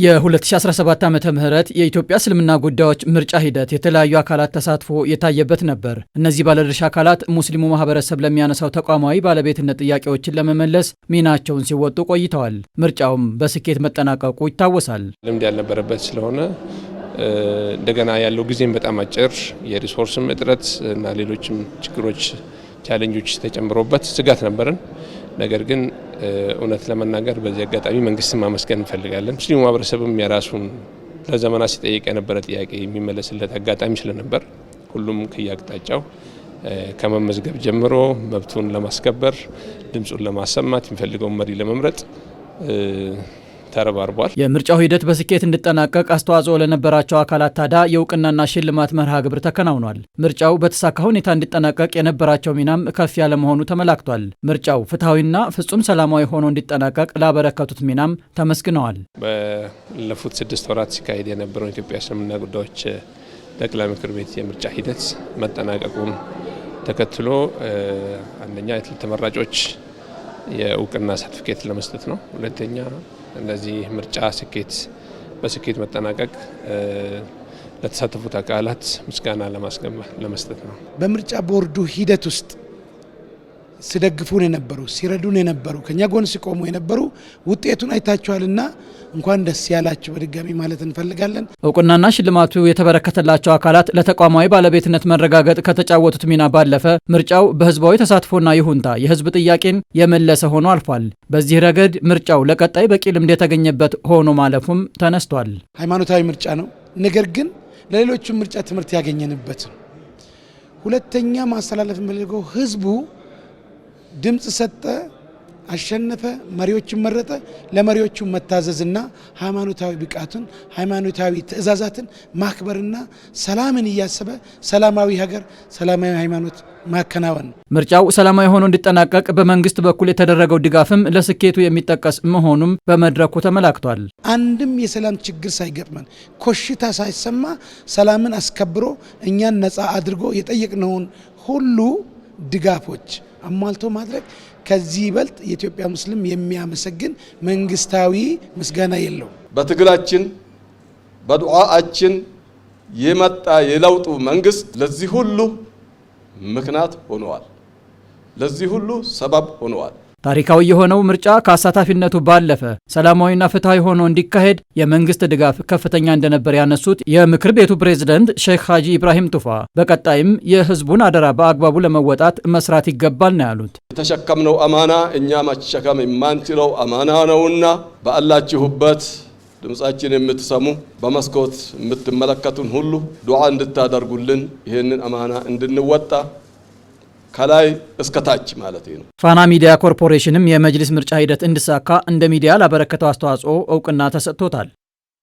የ2017 ዓ ም የኢትዮጵያ እስልምና ጉዳዮች ምርጫ ሂደት የተለያዩ አካላት ተሳትፎ የታየበት ነበር። እነዚህ ባለድርሻ አካላት ሙስሊሙ ማህበረሰብ ለሚያነሳው ተቋማዊ ባለቤትነት ጥያቄዎችን ለመመለስ ሚናቸውን ሲወጡ ቆይተዋል። ምርጫውም በስኬት መጠናቀቁ ይታወሳል። ልምድ ያልነበረበት ስለሆነ እንደገና ያለው ጊዜም በጣም አጭር፣ የሪሶርስም እጥረት እና ሌሎችም ችግሮች ቻለንጆች ተጨምሮበት ስጋት ነበረን። ነገር ግን እውነት ለመናገር በዚህ አጋጣሚ መንግስትን ማመስገን እንፈልጋለን። ሙስሊሙ ማህበረሰብም የራሱን ለዘመናት ሲጠይቅ የነበረ ጥያቄ የሚመለስለት አጋጣሚ ስለነበር ሁሉም ከየአቅጣጫው ከመመዝገብ ጀምሮ መብቱን ለማስከበር ድምፁን ለማሰማት የሚፈልገውን መሪ ለመምረጥ ተረባርቧል። የምርጫው ሂደት በስኬት እንዲጠናቀቅ አስተዋጽኦ ለነበራቸው አካላት ታዳ የእውቅናና ሽልማት መርሃ ግብር ተከናውኗል። ምርጫው በተሳካ ሁኔታ እንዲጠናቀቅ የነበራቸው ሚናም ከፍ ያለ መሆኑ ተመላክቷል። ምርጫው ፍትሐዊና ፍጹም ሰላማዊ ሆኖ እንዲጠናቀቅ ላበረከቱት ሚናም ተመስግነዋል። ባለፉት ስድስት ወራት ሲካሄድ የነበረውን ኢትዮጵያ እስልምና ጉዳዮች ጠቅላይ ምክር ቤት የምርጫ ሂደት መጠናቀቁን ተከትሎ አንደኛ ተመራጮች የእውቅና ሰርቲፊኬት ለመስጠት ነው። ሁለተኛ እንደዚህ ምርጫ ስኬት በስኬት መጠናቀቅ ለተሳተፉት አካላት ምስጋና ለማስገባት ለመስጠት ነው። በምርጫ ቦርዱ ሂደት ውስጥ ሲደግፉን የነበሩ ሲረዱን የነበሩ ከኛ ጎን ሲቆሙ የነበሩ ውጤቱን አይታችኋልና እንኳን ደስ ያላችሁ በድጋሚ ማለት እንፈልጋለን። እውቅናና ሽልማቱ የተበረከተላቸው አካላት ለተቋማዊ ባለቤትነት መረጋገጥ ከተጫወቱት ሚና ባለፈ ምርጫው በህዝባዊ ተሳትፎና ይሁንታ የህዝብ ጥያቄን የመለሰ ሆኖ አልፏል። በዚህ ረገድ ምርጫው ለቀጣይ በቂ ልምድ የተገኘበት ሆኖ ማለፉም ተነስቷል። ሃይማኖታዊ ምርጫ ነው፣ ነገር ግን ለሌሎቹም ምርጫ ትምህርት ያገኘንበት ሁለተኛ ማስተላለፍ የምፈልገው ህዝቡ። ድምፅ ሰጠ፣ አሸነፈ፣ መሪዎችን መረጠ። ለመሪዎቹ መታዘዝና ሃይማኖታዊ ብቃቱን ሃይማኖታዊ ትዕዛዛትን ማክበርና ሰላምን እያሰበ ሰላማዊ ሀገር፣ ሰላማዊ ሃይማኖት ማከናወን ነው። ምርጫው ሰላማዊ ሆኖ እንዲጠናቀቅ በመንግስት በኩል የተደረገው ድጋፍም ለስኬቱ የሚጠቀስ መሆኑም በመድረኩ ተመላክቷል። አንድም የሰላም ችግር ሳይገጥመን ኮሽታ ሳይሰማ ሰላምን አስከብሮ እኛን ነፃ አድርጎ የጠየቅነውን ሁሉ ድጋፎች አሟልቶ ማድረግ ከዚህ ይበልጥ የኢትዮጵያ ሙስሊም የሚያመሰግን መንግስታዊ ምስጋና የለው። በትግላችን በዱዓአችን የመጣ የለውጡ መንግስት ለዚህ ሁሉ ምክንያት ሆነዋል። ለዚህ ሁሉ ሰበብ ሆነዋል። ታሪካዊ የሆነው ምርጫ ከአሳታፊነቱ ባለፈ ሰላማዊና ፍትሐዊ ሆኖ እንዲካሄድ የመንግስት ድጋፍ ከፍተኛ እንደነበር ያነሱት የምክር ቤቱ ፕሬዝደንት ሼክ ሀጂ ኢብራሂም ቱፋ በቀጣይም የህዝቡን አደራ በአግባቡ ለመወጣት መስራት ይገባል ነው ያሉት። የተሸከምነው አማና እኛ መሸከም የማንችለው አማና ነውና በአላችሁበት ድምጻችን የምትሰሙ በመስኮት የምትመለከቱን ሁሉ ዱዓ እንድታደርጉልን ይህንን አማና እንድንወጣ ከላይ እስከ ታች ማለት ነው። ፋና ሚዲያ ኮርፖሬሽንም የመጅሊስ ምርጫ ሂደት እንዲሳካ እንደ ሚዲያ ላበረከተው አስተዋጽኦ እውቅና ተሰጥቶታል።